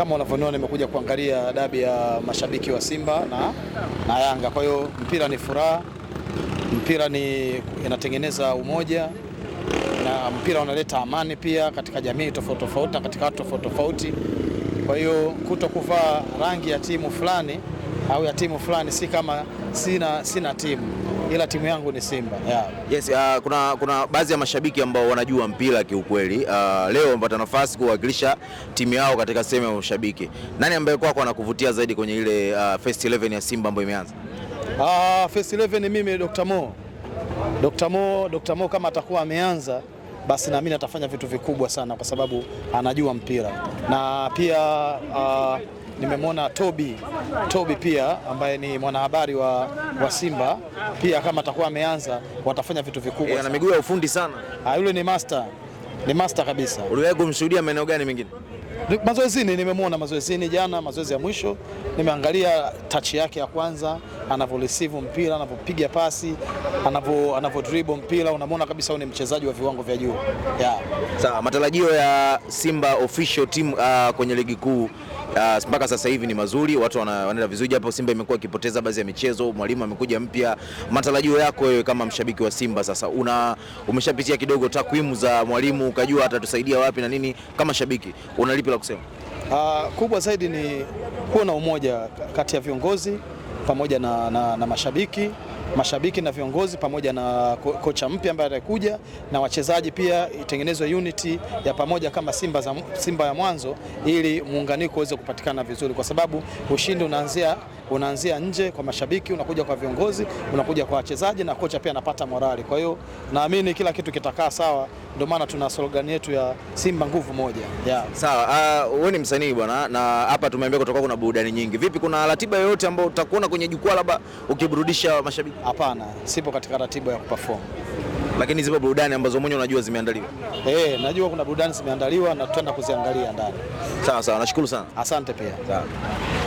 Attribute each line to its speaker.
Speaker 1: kama unavyoniona nimekuja kuangalia dabi ya mashabiki wa Simba na, na Yanga. Kwa hiyo mpira ni furaha, mpira ni inatengeneza umoja na mpira unaleta amani pia katika jamii tofauti tofauti na katika watu tofauti tofauti. Kwa hiyo kuto kuvaa rangi ya timu fulani au ya timu fulani si kama sina, sina timu ila timu yangu ni Simba yeah.
Speaker 2: Yes, uh, kuna, kuna baadhi ya mashabiki ambao wanajua mpira kiukweli, uh, leo wamepata nafasi kuwakilisha timu yao katika sehemu ya mashabiki. Nani ambaye kwako anakuvutia zaidi kwenye ile uh, first 11 ya Simba ambayo imeanza?
Speaker 1: Uh, first 11 mimi Dr. Mo. Dr. Mo, Dr. Mo kama atakuwa ameanza basi naamini atafanya vitu vikubwa sana kwa sababu anajua mpira na pia uh, nimemwona Tobi, Tobi pia ambaye ni mwanahabari wa, wa Simba pia, kama atakuwa ameanza watafanya vitu vikubwa. Eh, ana
Speaker 2: miguu ya ufundi sana.
Speaker 1: Ah, yule ni master, ni master kabisa.
Speaker 2: Uliwahi kumshuhudia maeneo gani mengine?
Speaker 1: Mazoezini nimemwona mazoezini jana, mazoezi ya mwisho nimeangalia touch yake ya kwanza, receive mpira, anavyopiga pasi, anavyo dribble mpira, unamwona kabisa ni mchezaji wa viwango vya juu
Speaker 2: yeah. Sawa, matarajio ya Simba official team uh, kwenye ligi kuu uh, mpaka sasa hivi ni mazuri, watu wanaenda vizuri, japo Simba imekuwa ikipoteza baadhi ya michezo. Mwalimu amekuja mpya. Matarajio yako wewe kama mshabiki wa Simba sasa, una umeshapitia kidogo takwimu za mwalimu ukajua atatusaidia wapi na nini, kama shabiki lipi la kusema?
Speaker 1: Uh, kubwa zaidi ni kuwa na umoja kati ya viongozi pamoja na, na, na mashabiki mashabiki na viongozi pamoja na ko kocha mpya ambaye atakuja na wachezaji pia, itengenezwe unity ya pamoja kama Simba, za, Simba ya mwanzo ili muunganiko uweze kupatikana vizuri, kwa sababu ushindi unaanzia unaanzia nje kwa mashabiki, unakuja kwa viongozi, unakuja kwa wachezaji na kocha pia anapata morali. Kwa hiyo naamini kila kitu kitakaa sawa ndio maana tuna slogan yetu ya Simba nguvu moja
Speaker 2: yeah. Sawa, ah, wewe uh, ni msanii bwana, na hapa tumeambia kutoka kuna burudani nyingi. Vipi, kuna ratiba yoyote ambayo utakuona kwenye jukwaa labda ukiburudisha mashabiki?
Speaker 1: Hapana, sipo katika ratiba ya kuperform
Speaker 2: lakini zipo burudani ambazo mwenye unajua zimeandaliwa.
Speaker 1: Eh, najua kuna burudani zimeandaliwa na tutaenda kuziangalia ndani.
Speaker 2: Sawa sawa, nashukuru sana. Asante pia. Sawa.